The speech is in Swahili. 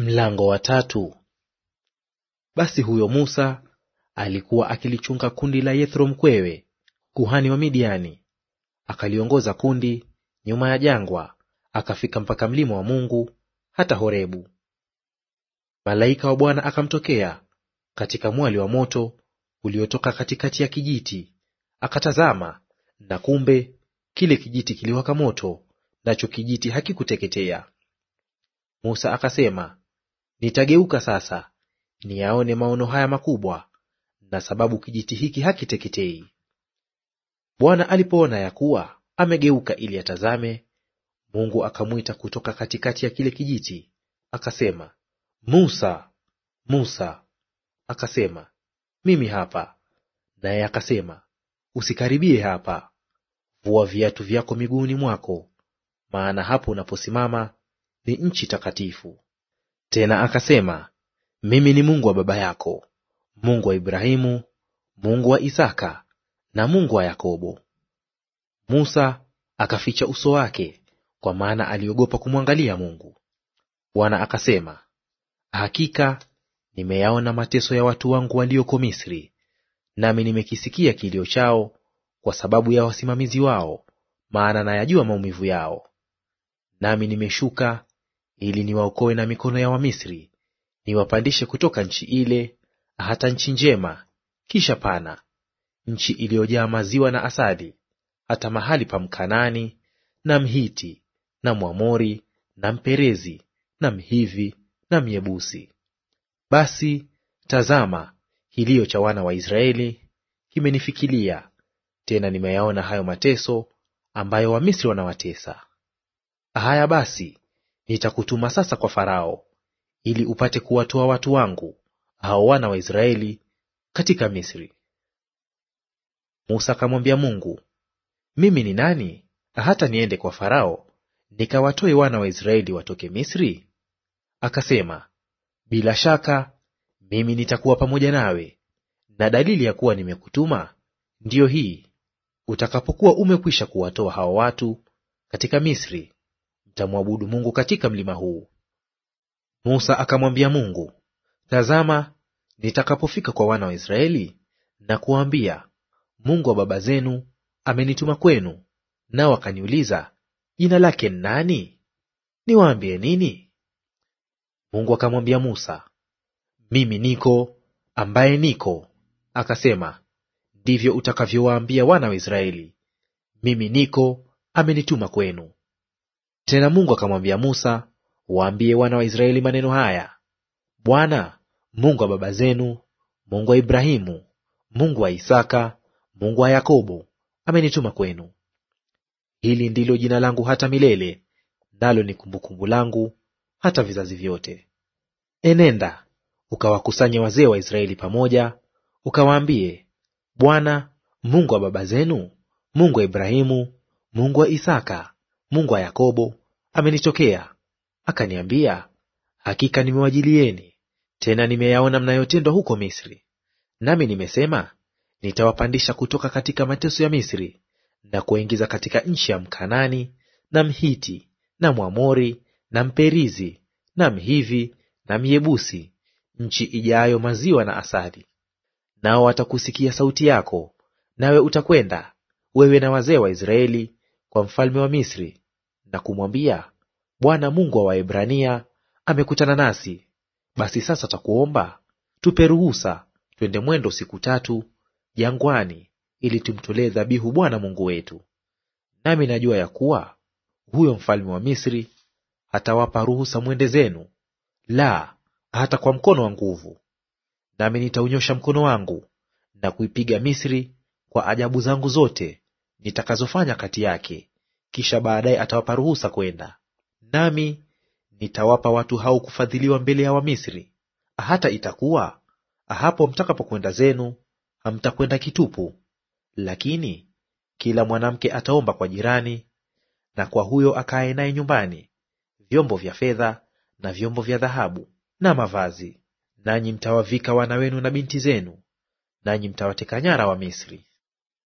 Mlango wa tatu. Basi huyo Musa alikuwa akilichunga kundi la Yethro mkwewe, kuhani wa Midiani. Akaliongoza kundi nyuma ya jangwa, akafika mpaka mlima wa Mungu hata Horebu. Malaika wa Bwana akamtokea katika mwali wa moto uliotoka katikati ya kijiti. Akatazama, na kumbe kile kijiti kiliwaka moto, nacho kijiti hakikuteketea. Musa akasema, Nitageuka sasa niyaone maono haya makubwa, na sababu kijiti hiki hakiteketei. Bwana alipoona ya kuwa amegeuka ili atazame, Mungu akamwita kutoka katikati ya kile kijiti, akasema, Musa, Musa. Akasema, mimi hapa. Naye akasema, usikaribie hapa, vua viatu vyako miguuni mwako, maana hapo unaposimama ni nchi takatifu. Tena akasema, mimi ni Mungu wa baba yako, Mungu wa Ibrahimu, Mungu wa Isaka na Mungu wa Yakobo. Musa akaficha uso wake, kwa maana aliogopa kumwangalia Mungu. Bwana akasema, hakika nimeyaona mateso ya watu wangu walioko Misri, nami nimekisikia kilio chao kwa sababu ya wasimamizi wao, maana nayajua maumivu yao. Nami nimeshuka ili niwaokoe na mikono ya Wamisri, niwapandishe kutoka nchi ile hata nchi njema, kisha pana, nchi iliyojaa maziwa na asali, hata mahali pa mkanani na Mhiti na Mwamori na Mperezi na Mhivi na Myebusi. Basi tazama, kilio cha wana wa Israeli kimenifikilia, tena nimeyaona hayo mateso ambayo Wamisri wanawatesa. Haya basi, nitakutuma sasa kwa Farao ili upate kuwatoa watu wangu hao wana wa Israeli katika Misri. Musa akamwambia Mungu, mimi ni nani hata niende kwa Farao nikawatoe wana wa Israeli watoke Misri? Akasema, bila shaka mimi nitakuwa pamoja nawe, na dalili ya kuwa nimekutuma ndiyo hii, utakapokuwa umekwisha kuwatoa hao watu katika Misri, mtamwabudu Mungu katika mlima huu. Musa akamwambia Mungu, tazama, nitakapofika kwa wana wa Israeli na kuwaambia, Mungu wa baba zenu amenituma kwenu, nao akaniuliza jina lake ni nani, niwaambie nini? Mungu akamwambia Musa, mimi niko ambaye niko. Akasema, ndivyo utakavyowaambia wana wa Israeli, mimi niko amenituma kwenu. Tena Mungu akamwambia Musa, waambie wana wa Israeli maneno haya, Bwana Mungu wa baba zenu, Mungu wa Ibrahimu, Mungu wa Isaka, Mungu wa Yakobo amenituma kwenu. Hili ndilo jina langu hata milele, nalo ni kumbukumbu langu hata vizazi vyote. Enenda ukawakusanye wazee wa Israeli pamoja, ukawaambie, Bwana Mungu wa baba zenu, Mungu wa Ibrahimu, Mungu wa Isaka, Mungu wa Yakobo amenitokea akaniambia, hakika nimewajilieni tena, nimeyaona mnayotendwa huko Misri. Nami nimesema nitawapandisha kutoka katika mateso ya Misri na kuwaingiza katika nchi ya Mkanani na Mhiti na Mwamori na Mperizi na Mhivi na Myebusi, nchi ijayo maziwa na asali. Nao watakusikia sauti yako, nawe utakwenda, wewe na wazee wa Israeli, kwa mfalme wa Misri na kumwambia, Bwana Mungu wa Waebrania amekutana nasi. Basi sasa twakuomba tupe ruhusa twende mwendo siku tatu jangwani, ili tumtolee dhabihu Bwana Mungu wetu. Nami najua ya kuwa huyo mfalme wa Misri hatawapa ruhusa mwende zenu, la hata kwa mkono wa nguvu. Nami nitaunyosha mkono wangu na kuipiga Misri kwa ajabu zangu zote nitakazofanya kati yake, kisha baadaye atawapa ruhusa kwenda. Nami nitawapa watu hao kufadhiliwa mbele ya Wamisri, hata itakuwa hapo mtakapokwenda zenu hamtakwenda kitupu. Lakini kila mwanamke ataomba kwa jirani na kwa huyo akaye naye nyumbani vyombo vya fedha na vyombo vya dhahabu na mavazi, nanyi mtawavika wana wenu na binti zenu, nanyi mtawateka nyara Wamisri.